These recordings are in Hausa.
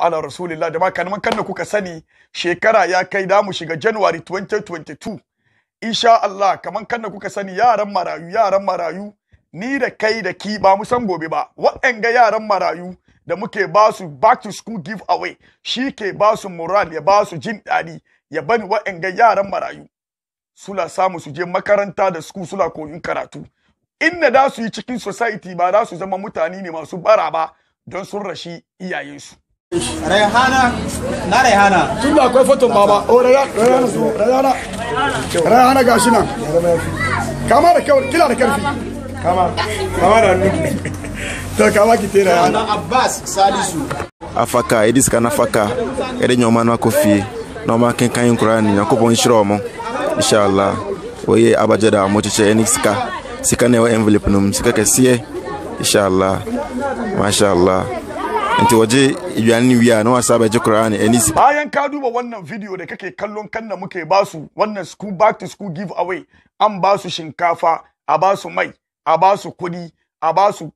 ala rasulillah da makalman kan da kuka sani shekara ya kai da mu shiga January 2022 insha Allah kaman kanna kuka sani yaran marayu yaran marayu ni da kai da ki ba mu san gobe ba waɗanga yaran marayu da muke ba su back to school give away shi ke ba su moral ya ba su jin daɗi ya bani waɗanga yaran marayu sula samu su je makaranta da school sula koyin karatu inda da su yi cikin society ba za su zama mutane ne masu bara ba don sun rashi iyayensu Reyhana na Reyhana. Tun da akwai foton baba. O oh, Reyhana su Reyhana. Reyhana gashi Kama da kyau kila da karfi. Kama. Kama da nuki. To kama ki tera Abbas Salisu. Afaka Idris kana faka. Ere nyoma na kofi. Na ma kin kan Qur'ani yakobon shiro mo. Insha Oye abajada mo tece Enixka. Sika ne wa envelope num sika ke sie. Insha Allah. nti waje iyanin wiya na wasa bai ji Qur'ani any bayan ka duba wannan video da kake kallon kan muke ba su wannan school back to school give away an ba su shinkafa a ba su mai a ba su kudi a ba su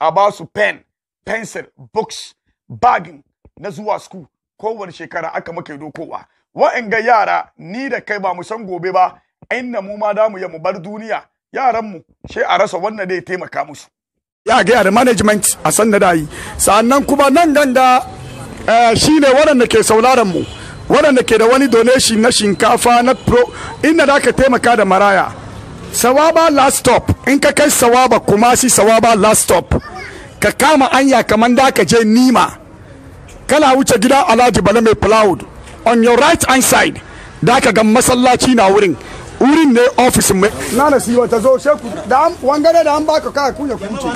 a ba su pen pencil books bagin na zuwa school kowane shekara aka muke dokowa wa'anga yara ni da kai ba mu san gobe ba inda mu da mu ya mu bar duniya yaranmu sai a rasa wannan da ya taimaka musu ya gaya da management a san da yi sannan kuma nan ganda eh, shi ne waɗanda ke sauraron mu waɗanda ke da wani donation na shinkafa na pro inda da ka taimaka da maraya sawaba last stop in ka kai sawaba kuma shi sawaba last stop ka kama anya kamar da ka je nima kana wuce gida alhaji bala mai plough on your right hand side da ka ga masallaci na wurin wurin ne ofis mai na na siwa ta zo sheku da wangare da an baka kaya kunya kuce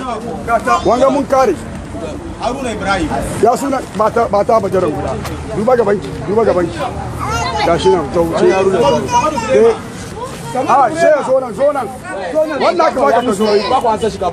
wanga mun kare Haruna Ibrahim. Ya suna mata mata bajaran guda. Duba gaban ki, duba gaban ki. shi nan ta wuce Haruna Ibrahim. Ah, she zo nan, zo nan. Wannan ka baka ka zo yi. Ba ku an shiga.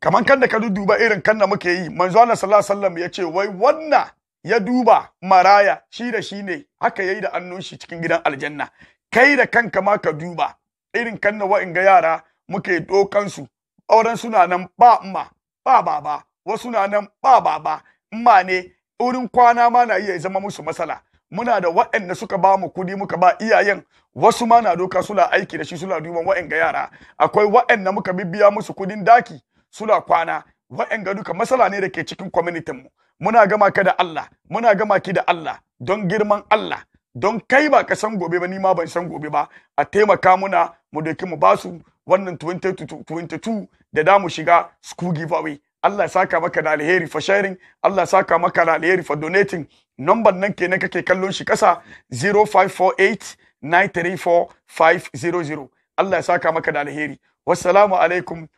Kaman kan da ka duba irin kan da muke yi, manzo Allah sallallahu alaihi wasallam ya ce wai wannan ya duba maraya shi da shi ne haka yayi da annon shi cikin gidan aljanna kai da kanka ma ka duba irin kanna na yara muke dokan su auren suna nan ba ma ba baba wasu na nan ba baba umma ne wurin kwana ma na iya zama musu matsala muna da wa'anda suka ba mu kudi muka ba iyayen wasu ma na doka suna aiki da shi suna duban ga yara akwai waɗanda muka bibiya musu kudin daki suna kwana ga duka matsala ne da ke cikin kwamitin mu muna gama ka da Allah muna gama ki da Allah don girman Allah don kai ba ka san gobe ba ni ma ban san gobe ba a taimaka muna mu doki mu basu wannan 2022 da damu mu shiga school giveaway Allah saka maka da alheri for sharing Allah saka maka da alheri for donating number nan kenan kake kallon shi kasa 0548 934 500 Allah saka maka da alheri wassalamu alaikum